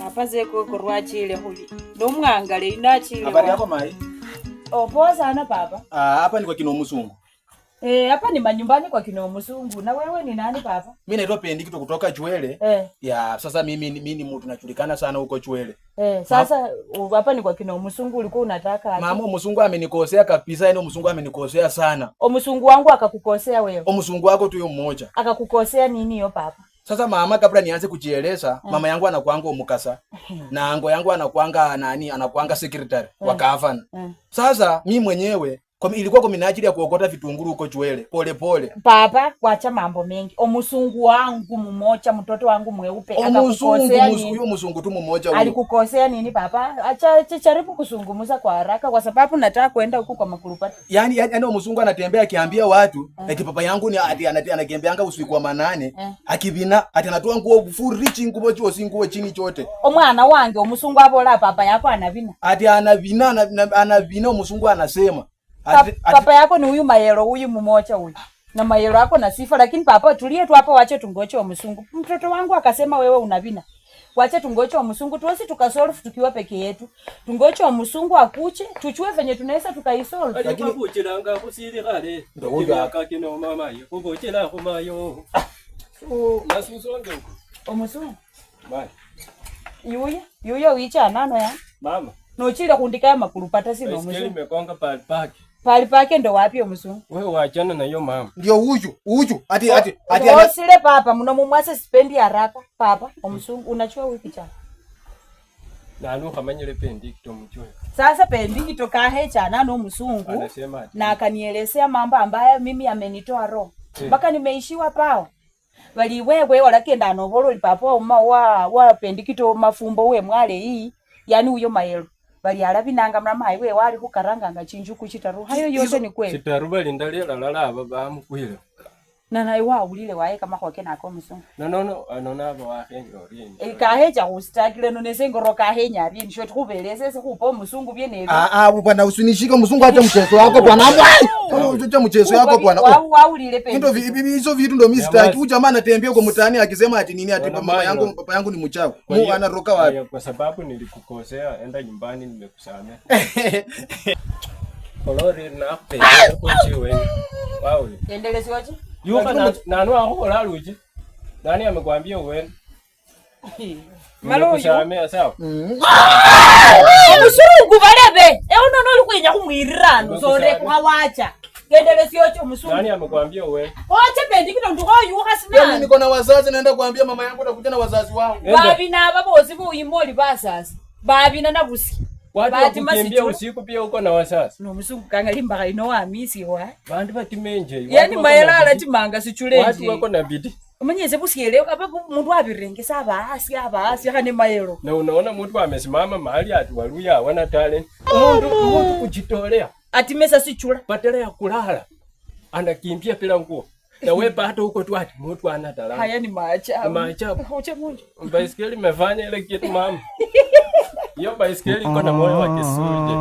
papazeko kurwachile nomwangale inachile mai sana papa hapa ah, ni kwa kina musungu eh hapa ni manyumbani kwa kina mzungu na wewe ni nani papa naitwa kutoka chwele eh. ya sasa mimi mimi ni mtu najulikana sana huko chwele e, sasa hapa ni kwa ulikuwa unataka mama amenikosea kabisa yani amenikosea sana o wangu akakukosea wewe wako mmoja akakukosea nini hiyo papa sasa mama, kabla nianze kujieleza, eh. mama yangu anakuanga umukasa eh. na ango yangu anakuanga nani, anakuanga secretary wa mm. Sasa mi mwenyewe kwa ilikuwa kwa minajili ya kuokota vitunguru huko Chwele. Pole pole. Papa wacha mambo mengi. Omusungu wangu mumocha, mtoto wangu mweupe Huyo tu mumocha Alikukosea nini papa? Acha jaribu kuzungumza kwa haraka kwa sababu nataka kwenda huko kwa makurupati. Yaani yani omusungu anatembea akiambia watu, mm. -huh. Eh. papa yangu ni ati anatembeanga usiku wa manane, mm. Eh. Akibina ati anatoa nguo full rich nguo chuo singuo chini chote. Omwana wange omusungu abola papa yako anavina. Ati anavina anavina, anavina omusungu anasema. Pa, Papa yako ni huyu Mayero, huyu mmoja huyu na Mayero yako na Sifa. Lakini papa, tulie tu hapa wache tungoche wa msungu. Mtoto wangu akasema wewe unavina, wache tungoche wa msungu, tuwezi tukasolve tukiwa peke yetu. Tungoche wa msungu akuche, tuchue venye tunaweza tukaisolve. Lakini kuche na na anga kusiri Ndio mama kuma yo. msungu. Wa omusungu yuya yuya wicha anano ya mama nochira kundikaya makulu pata sino omusungu mekonga pali pake Pali pake ndo wapi mzungu? Wewe waachana na hiyo mama. Ndio huyu, huyu. Ati ati ati ana sile papa mnamumwasa sipendi haraka papa omzungu unachua huyu cha Na anu kamanyele pendi kito mchoyo. Sasa pendi kito kahe chana no mzungu. Anasema ati. Na akanielezea mambo ambayo mimi amenitoa roho. Eh. Mpaka yeah. Nimeishiwa pao. Bali wewe walakenda no bolo lipapo wa wa pendi kito mafumbo we mwale hii. Yani huyo maelo bali alavi nanga mlamayi we wali khukaranganga chinjuku chitaru hayo yose ni kweli chitaru bali ndalela lala aba bamukwile na na na ulile wae kama kwa kwa kena msu no no waulile waeka makhwake nakomuso nonono uh, nonavo eh, kahecha khustakile nonese ngoro kahenya avyeni shoti khuvele esese khupa ah vyenevyo ah, bwana usinishike msungu acha mcheso wako bwana acha mcheso yako bwana oh. waulile hizo vitu ndo mista mistaki ujamaa natembea uko mtaani akisema ati nini ati mama yangu papa yangu ni mchawi mu roka wapi kwa sababu nilikukosea enda nyumbani nimekusamea kolori na pe ah! kwa chiwe wao endelezwaje yuka nanu luji nani amekwambia uende malungu sawa mm. ah! kendele musungu nani amekwambia uende? oche pendi kino nduko yuha sina mimi yaani niko na wazazi naenda kuambia mama yangu na wazazi wangu babi na babi na nabusi Kwati kukimbia usiku pia uko na wasasi. No musuku kangali mbaka ino wa misi wa. Bandu batimenje. Yani mayela alatimanga sichulenje. Watu wako na bidii. Umenyeze busielewe kapa mundu abirengesa abasi abasi kane mayelo. Na unaona mtu amesimama mahali ati waluya hawana talent. Oh, mundu mundu kujitolea. Ati mesa sichula. Badala ya kulala. Anakimbia bila nguo. Na wewe bado huko tu ati mtu ana talent. Haya ni maajabu. Maajabu. Ucha mundu. Baiskeli mefanya ile kitu mama. iyo basikeli iko na moyo wa Kisuje.